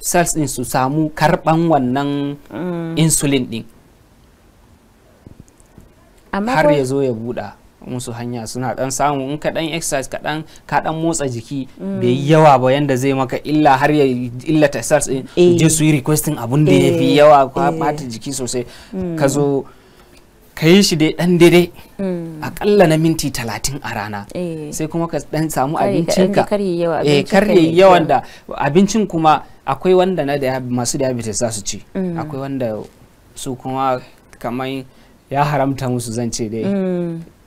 [SPEAKER 2] cells din su samu karban wannan mm. insulin din har ya zo ya buɗa musu hanya suna dan samu in ka dan exercise ka dan ka dan motsa jiki mm. bai yi yawa ba yanda zai maka illa har ya illata cells din eh. je su yi requesting abun da ya fi eh. yawa ko mata eh. jiki sosai ka zo ka yi shi dai dan daidai mm. akalla na minti talatin a rana eh. sai kuma ka dan samu abincin ka karye eh, yawan da abincin kuma akwai wanda na masu diabetes za su ci mm. akwai wanda su kuma kamar ya haramta musu zan ce dai
[SPEAKER 1] mm.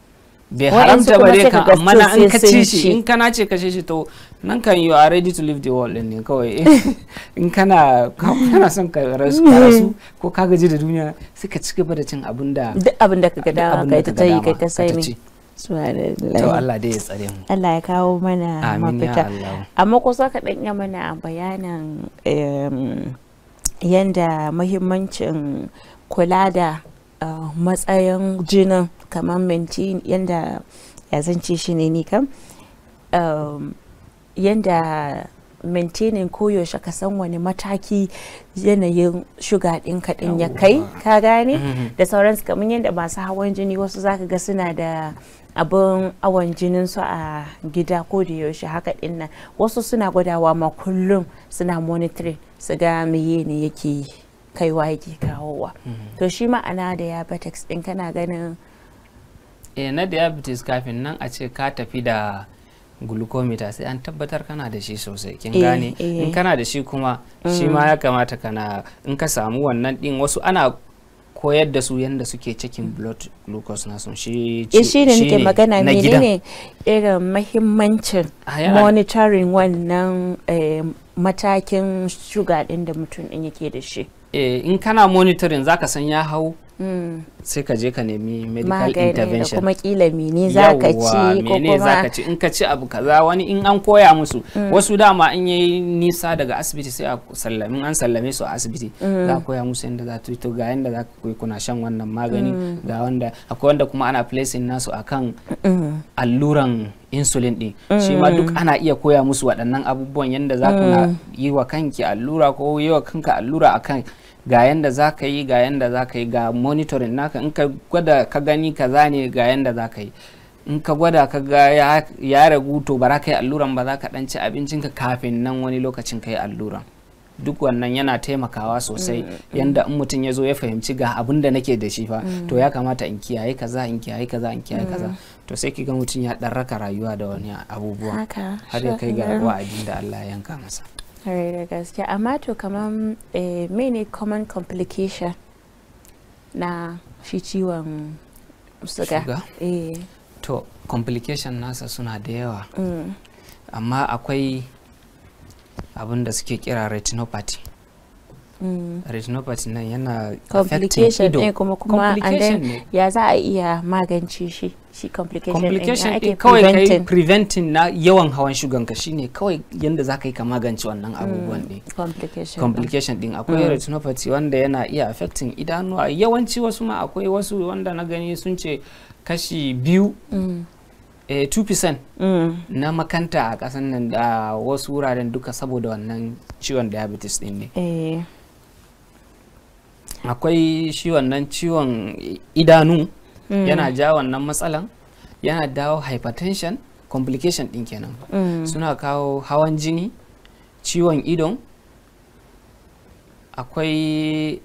[SPEAKER 2] bai haramta ba ka kan amma na an kace shi in kana ce kace shi to nan kan you are ready to leave the world ne kawai in kana kana son ka rasu ko ka gaji da duniya sai ka ci gaba da cin abin da duk abin da ka ga dama kai ta tayi kai ta sai ne
[SPEAKER 1] to Allah dai ya tsare mu Allah ya kawo mana mafita amma ko saka dan ya mana bayanan yanda muhimmancin kula da eh, matsayin jinin kamar minti yadda ya zance shi ne ni kam um, yanda maintaining koyaushe ka san wani mataki yanayin shuga ɗin kaɗin ya kai ka gane mm-hmm. da sauransu kamar yadda masu hawan jini wasu zaka ga suna da abin awon jinin su a gida ko da yaushe haka ɗin nan wasu suna gwadawa ma kullum suna monitoring su ga meye ne yake kaiwa yake kawowa mm-hmm. to shi ma'ana da ya ɗin kana ganin
[SPEAKER 2] eh na diabetes kafin nan a ce ka tafi da glucometer sai an tabbatar kana da shi sosai kin eh, gane eh. in kana da shi kuma shi ma ya kamata kana in ka samu wannan din wasu ana koyar da su yadda suke cikin blood glucose na sun shi eh, shi ne nake magana menene
[SPEAKER 1] irin mahimmancin monitoring wannan matakin shuga din da mutum din yake da shi
[SPEAKER 2] in kana monitoring zaka san ya hau Mm. sai ka je ka nemi medical intervention kuma
[SPEAKER 1] kila mene za ka ci ko kuma za ka ci
[SPEAKER 2] in ka ci abu kaza wani in an koya musu mm. wasu dama in yayi nisa daga asibiti sai a sallame an sallame su a asibiti mm. za a koya musu yadda za to ga yadda za ku kuna shan wannan magani ga wanda akwai wanda kuma ana placing nasu akan alluran insulin din shi ma duk ana iya koya musu waɗannan abubuwan yadda za ku yi wa kanki allura ko yi wa kanka allura akan ga yanda za ka yi ga yanda za ka yi ga monitoring naka in ka gwada ka gani ka zane ga yanda za ka yi in ka gwada ka ga ya ragu to bara ka yi alluran ba za ka ɗan ci abincinka kafin nan wani lokacin ka yi alluran duk wannan yana taimakawa sosai mm. yanda in mutum ya zo ya fahimci ga abin da nake da shi fa mm. to ya kamata in kiyaye kaza in kiyaye kaza in kiyaye kaza mm. to sai ki ga mutum ya ɗan rayuwa da wani abubuwa har ya kai ga wa'adin da Allah ya yanka masa
[SPEAKER 1] Kare gaske amma to me eh, ne common complication na shi ciwon suga. Eh.
[SPEAKER 2] To complication nasa suna da yawa. Mm. Amma akwai abin da suke kira retinopathy. Mm. retinopathy nan yana eh, complication ne kuma kuma and then
[SPEAKER 1] ya za a iya magance shi shi complication complication din kawai kai
[SPEAKER 2] preventing na yawan hawan shugan ka shine kawai yanda za ka yi ka magance wannan mm. abubuwan ne complication complication din akwai mm. retinopathy wanda yana iya affecting idanuwa yawanci wasu ma akwai wasu wanda na gani sun ce kashi biyu 2% eh, mm. na makanta a kasan nan da wasu wuraren duka saboda wannan ciwon diabetes din ne. Eh. akwai shi wannan ciwon idanu mm. yana ja wannan matsalan yana dawo hypertension complication din kenan mm. suna kawo hawan jini ciwon idon akwai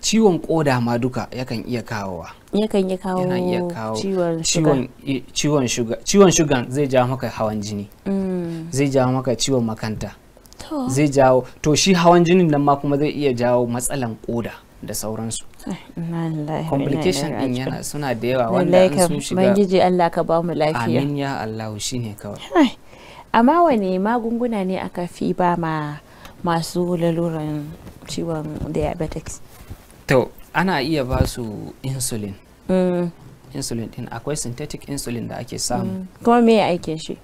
[SPEAKER 2] ciwon koda ma duka yakan iya kawowa
[SPEAKER 1] yakan iya kawo
[SPEAKER 2] ciwon shuga ciwon shugan zai ja maka hawan jini mm. zai ja maka ciwon makanta zai jawo to shi hawan jinin nan ma kuma zai iya jawo matsalan koda da sauransu eh, complication din yana suna da yawa wanda an sun shiga bangiji
[SPEAKER 1] Allah ka ba mu lafiya amin
[SPEAKER 2] ya Allah shi ne kawai
[SPEAKER 1] amma wane magunguna ne aka fi ba ma masu laluran ciwon diabetes.
[SPEAKER 2] to ana iya ba su insulin mm. insulin din akwai synthetic insulin da ake samu
[SPEAKER 1] mm. kuma me aikin shi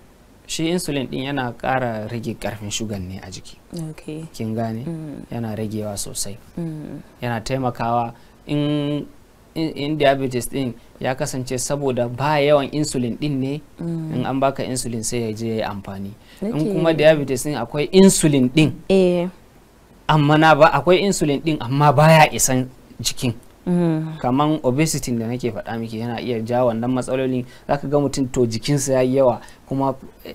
[SPEAKER 2] shi insulin din yana ƙara rage karfin shugan ne a jiki kin gane mm. yana ragewa sosai mm. yana taimakawa in in diabetes din ya kasance saboda ba yawan insulin din ne mm. in an baka insulin sai ya je ya yi amfani in kuma diabetes din akwai insulin din eh. amma ba akwai insulin din amma baya isan jikin kaman obesity da nake faɗa miki yana iya ja wannan matsalolin zaka ga mutum to jikinsa ya yi yawa kuma eh,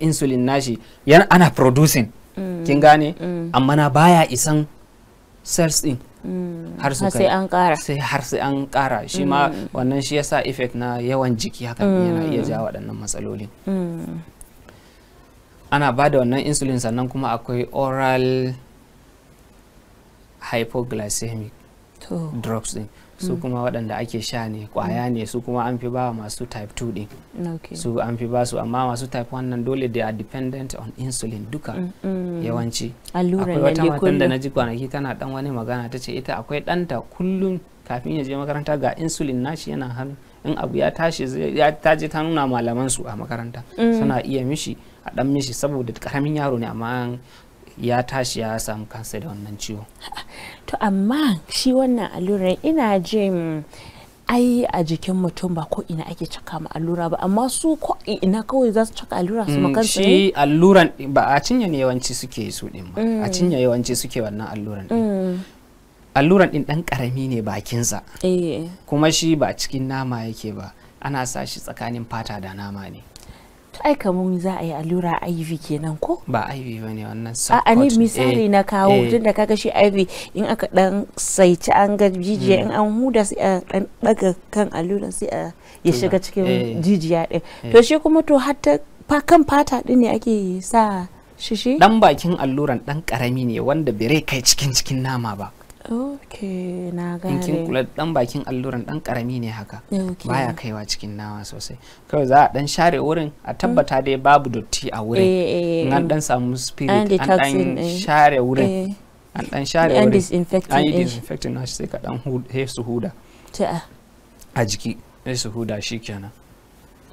[SPEAKER 2] insulin nashi yana ana producing mm. kin gane mm. amma na baya isan cells din mm. har su sai an kara sai har sai an kara shi ma wannan shi yasa effect na yawan jiki haka yana iya ja waɗannan matsalolin ana ba da wannan insulin sannan kuma akwai oral hypoglycemic drops din su mm. kuma waɗanda ake sha ne kwaya mm. ne su kuma an fi ba masu type 2 din su an fi ba su amma masu type 1 nan dole they are dependent on insulin duka mm, yawanci akwai wata matan da na ji kwanaki tana dan wani magana ta ce ita akwai ɗanta kullum kafin ya je makaranta ga insulin nashi yana hannu in abu ya tashi ya taje ta nuna malaman su a makaranta suna iya mishi a dan mishi saboda karamin yaro ne amma ya tashi ya samu kansa da wannan ciwo
[SPEAKER 1] to amma shi wannan allurar ina jin ai a jikin mutum ba ko ina ake cika ma allura ba amma su ko ina kawai za su caka allura su makan mm, shi alluran
[SPEAKER 2] ba a cinya ne yawanci suke su din ba a mm. cinya yawanci suke wannan alluran din mm. alluran din dan karami ne bakinsa eh. kuma shi ba cikin nama yake ba ana sa shi tsakanin fata da nama ne
[SPEAKER 1] ai kamar za a yi allura iv
[SPEAKER 2] kenan ko ba iv ba ne wannan a ne misali na kawo eh, tun
[SPEAKER 1] da kaga shi iv in aka dan saici an ga jijiya mm. in an huda sai a dan daga kan allura sai a ya shiga cikin eh. jijiya
[SPEAKER 2] din eh. to shi
[SPEAKER 1] kuma to hatta kan fata din ne ake sa
[SPEAKER 2] shishi dan bakin alluran dan karami ne wanda bai kai cikin cikin nama ba
[SPEAKER 1] okay na gane in kin kula
[SPEAKER 2] dan bakin alluran dan karami ne haka okay. baya kaiwa cikin nawa sosai kawai za a dan share wurin a tabbata dai babu dotti a wurin eh, eh, eh. an dan samu spirit an dan eh. share wurin eh. an dan share wurin an yi disinfecting na sai ka dan su huda a jiki sai su huda shikenan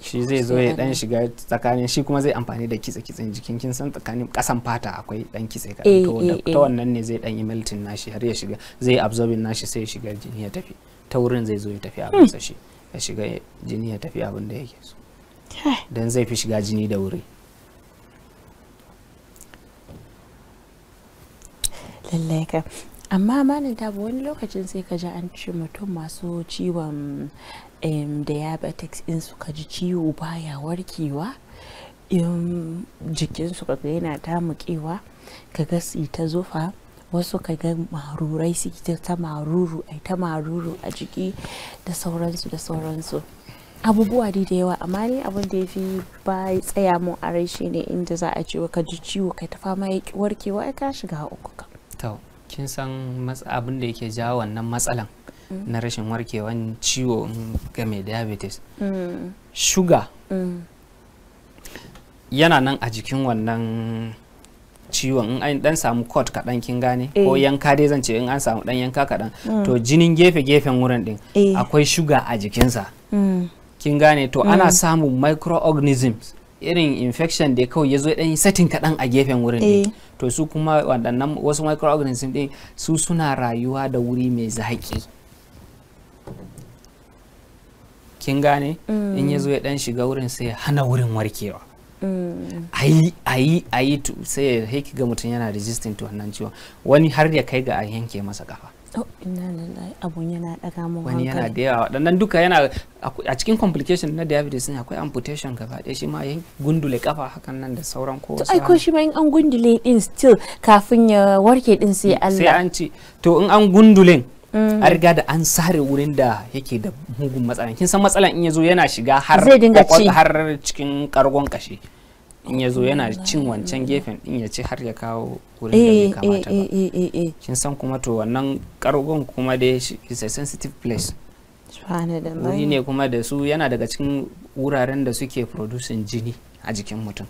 [SPEAKER 2] shi zai zo ya dan shiga tsakanin shi kuma zai amfani da kitse kitsen jikin kin san tsakanin kasan fata akwai dan kitse ka eh, to eh, ta eh. wannan ne zai dan yi melting nashi har ya shiga zai absorbing nashi sai ya shiga jini ya tafi ta wurin zai zo ya tafi hmm. abin sa shi ya shiga jini ya tafi abin da yake so dan zai fi shiga jini da wuri
[SPEAKER 1] lallai ka amma malam tabu wani lokacin sai ka ji an ce mutum masu ciwon um, diabetics in suka ji ciwo baya warkewa in su kaga yana ta mukewa kaga su ta zufa wasu kaga marurai su ta maruru ai ta maruru a jiki da sauransu da sauransu abubuwa dai da yawa amma ne abun da ya fi ba tsaya mun a rai shine inda za a ce ka ji ciwo kai ta fama ya warkewa ka shiga uku ka
[SPEAKER 2] kin san abin da yake jawo wannan matsalan na rashin warkewan ciwo game mai diabetes mm. shuga mm. yana nan a jikin wannan ciwon in an dan samu cord kaɗan kin gane ko eh. yanka dai zan ce in an samu dan yanka kaɗan mm. to jinin gefe gefen wurin din eh. akwai shuga a jikinsa kin gane to ana samun microorganisms irin infection da kawai ya zo ɗan satin kaɗan a gefen wurin ne eh. to su kuma waɗannan wasu microorganisms ɗin su suna rayuwa da wuri mai zaƙi kin gane in ya mm. zo ya dan shiga wurin sai ya hana wurin warkewa mm. ayi ayi ayi sai ya haiki ga mutum yana resisting to wannan ciwon wani har ya kai ga a yanke masa kafa
[SPEAKER 1] oh, abun yana daga mun wani yana da
[SPEAKER 2] yawa waɗannan duka yana a cikin complication na diabetes ne akwai amputation gaba ɗaya shi ma yin gundule kafa hakan nan da sauran ko wasu ai ko shi ma in an gundule
[SPEAKER 1] din still kafin ya warke din mm, sai Allah sai an
[SPEAKER 2] ci to in an gundulen Mm. an riga da an sare wurin da yake da mugun matsala kin san matsalan in yazo yana shiga har har cikin kargon kashi in yazo yana cin wancan gefen din ya ci har ya kawo wurin da eh, bai kamata eh, ba eh, kin san kuma to wannan kargon kuma da is a sensitive place
[SPEAKER 1] wuri ne
[SPEAKER 2] kuma da su yana daga cikin wuraren da suke producing jini a jikin mutum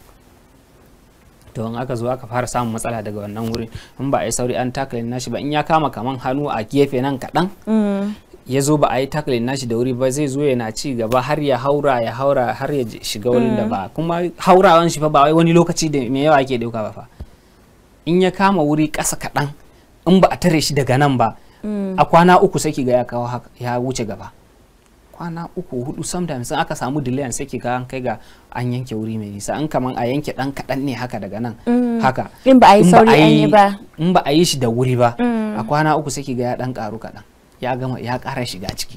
[SPEAKER 2] to in aka zo aka fara samun matsala daga wannan wurin in ba a yi sauri an takalin nashi ba in ya kama kaman hannu a gefe nan kaɗan mm. ya zo ba a yi takalin nashi da wuri ba zai zo yana ci gaba har ya haura ya haura har ya shiga wurin da mm. ba kuma haurawan shi fa ba wani lokaci da me yawa ake dauka ba fa in ya kama wuri ƙasa kaɗan in ba a tare shi daga nan ba mm. a kwana uku sai ki ga ya kawo ya wuce gaba kwana uku hudu sometimes aka samu delay sai ki ga an kai ga an yanke wuri mai nisa an kaman a yanke dan kadan ne haka daga nan mm. haka in ba a yi sauri an yi ba in ba a yi shi da wuri ba mm. a kwana uku sai ki ga ya dan karu kadan ya gama ya kara shiga ciki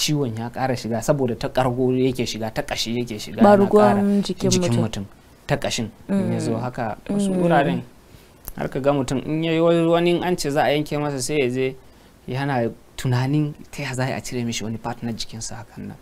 [SPEAKER 2] ciwon ya kara shiga saboda ta kargo yake shiga ta kashi yake shiga barugon jikin mutum ta kashin ya zo mm. haka wasu wuraren har ka ga mutum in yayi wani an ce za a yanke masa sai ya je yana tunanin ta za a cire mishi wani partner na jikinsa hakan nan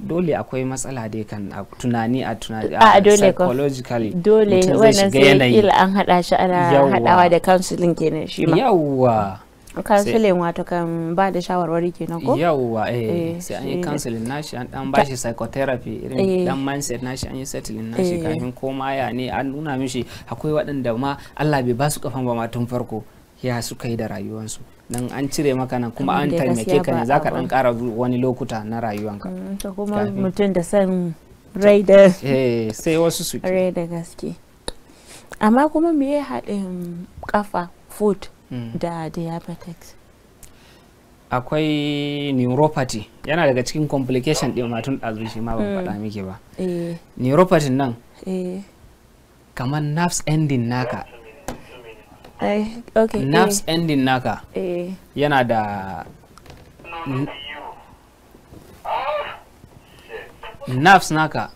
[SPEAKER 2] dole akwai matsala dai kan a tunani a tunani a ah, psychologically dole wannan sai kila
[SPEAKER 1] an hada shi ana hadawa da counseling kenan shi ma
[SPEAKER 2] yawwa
[SPEAKER 1] counseling wato kan ba da shawarwari kenan ko yawwa eh, eh sai an yi counseling
[SPEAKER 2] nashi an dan bashi psychotherapy irin dan eh. mindset nashi an yi settling nashi eh. kafin koma ya ne an nuna mishi akwai waɗanda ma Allah bai ba su kafan ba ma tun farko ya suka yi da rayuwansu dan an cire maka nan kuma an taimake ka ne za ka dan kara wani lokuta na rayuwanka mm,
[SPEAKER 1] to kuma mutum da san
[SPEAKER 2] rai da eh, sai wasu su rai da gaske
[SPEAKER 1] amma kuma me ya haɗin kafa food mm. da diabetes
[SPEAKER 2] akwai neuropathy yana daga cikin complication din matun ɗazu shi ma ban mm. faɗa miki ba eh. neuropathy nan eh. kamar nerves ending naka
[SPEAKER 1] nafs okay eh.
[SPEAKER 2] ending naka eh. yana da nerves naka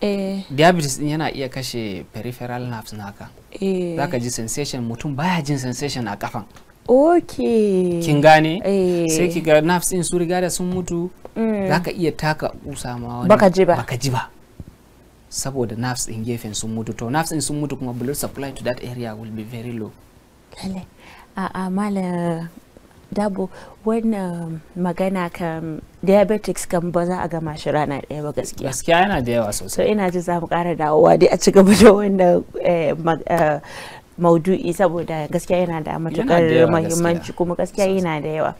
[SPEAKER 2] eh. diabetes din yana iya kashe peripheral nerves naka
[SPEAKER 1] eh. zaka
[SPEAKER 2] ji sensation mutum baya jin sensation a kafan
[SPEAKER 1] okay
[SPEAKER 2] kin gane eh. sai ki ga nerves din su riga da sun mutu mm. zaka iya taka kusa ma wani baka ji ba baka ji ba saboda nerves in gefen sun mutu to nerves in sun mutu kuma blood supply to that area will be very low
[SPEAKER 1] kale a a mala dabo wannan magana kan diabetics kan ba za a gama shi rana daya ba gaskiya gaskiya yana da yawa sosai so ina ji za mu ƙara dawowa dai a ci gaba da wannan eh, eh, maudu'i saboda gaskiya yana da matukar muhimmanci kuma gaskiya yana da yawa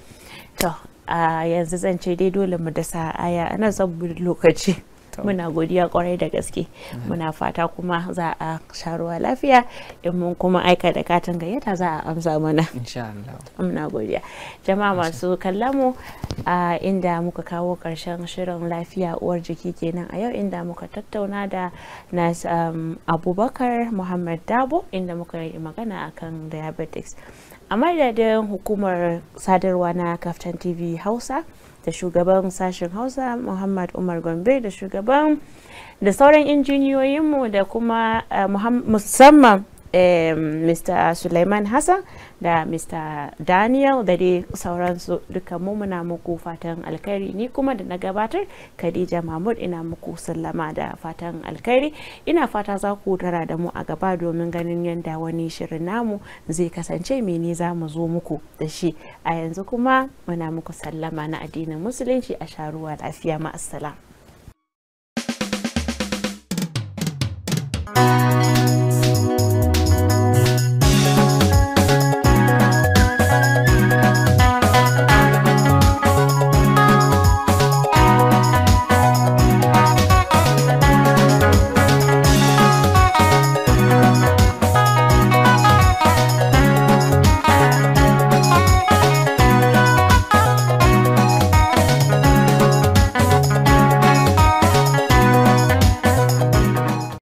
[SPEAKER 1] to a yanzu zan ce dai dole mu da aya ana saboda lokaci muna godiya kwarai da gaske muna fata kuma za a sharuwa lafiya in mun kuma aika da katin gayyata za a amsa mana muna godiya jama'a masu kallamu a inda muka kawo karshen shirin lafiya uwar jiki kenan a yau inda muka tattauna da um, abubakar muhammad dabo inda muka yi magana akan diabetes. a madadin hukumar sadarwa na kaftan tv hausa da shugaban sashen hausa muhammad umar gombe da shugaban da sauran injiniyoyinmu da kuma eh, musamman um, mr suleiman hassan da mr daniel da dai sauransu duka mu muna muku fatan alkhairi ni kuma da na gabatar khadija mahmud ina muku sallama da fatan alkhairi ina fata za ku tara da mu a gaba domin ganin yadda wani shirin namu zai kasance mene za mu zo muku da shi a yanzu kuma muna muku sallama na addinin musulunci a sharuwa lafiya ma'assalam.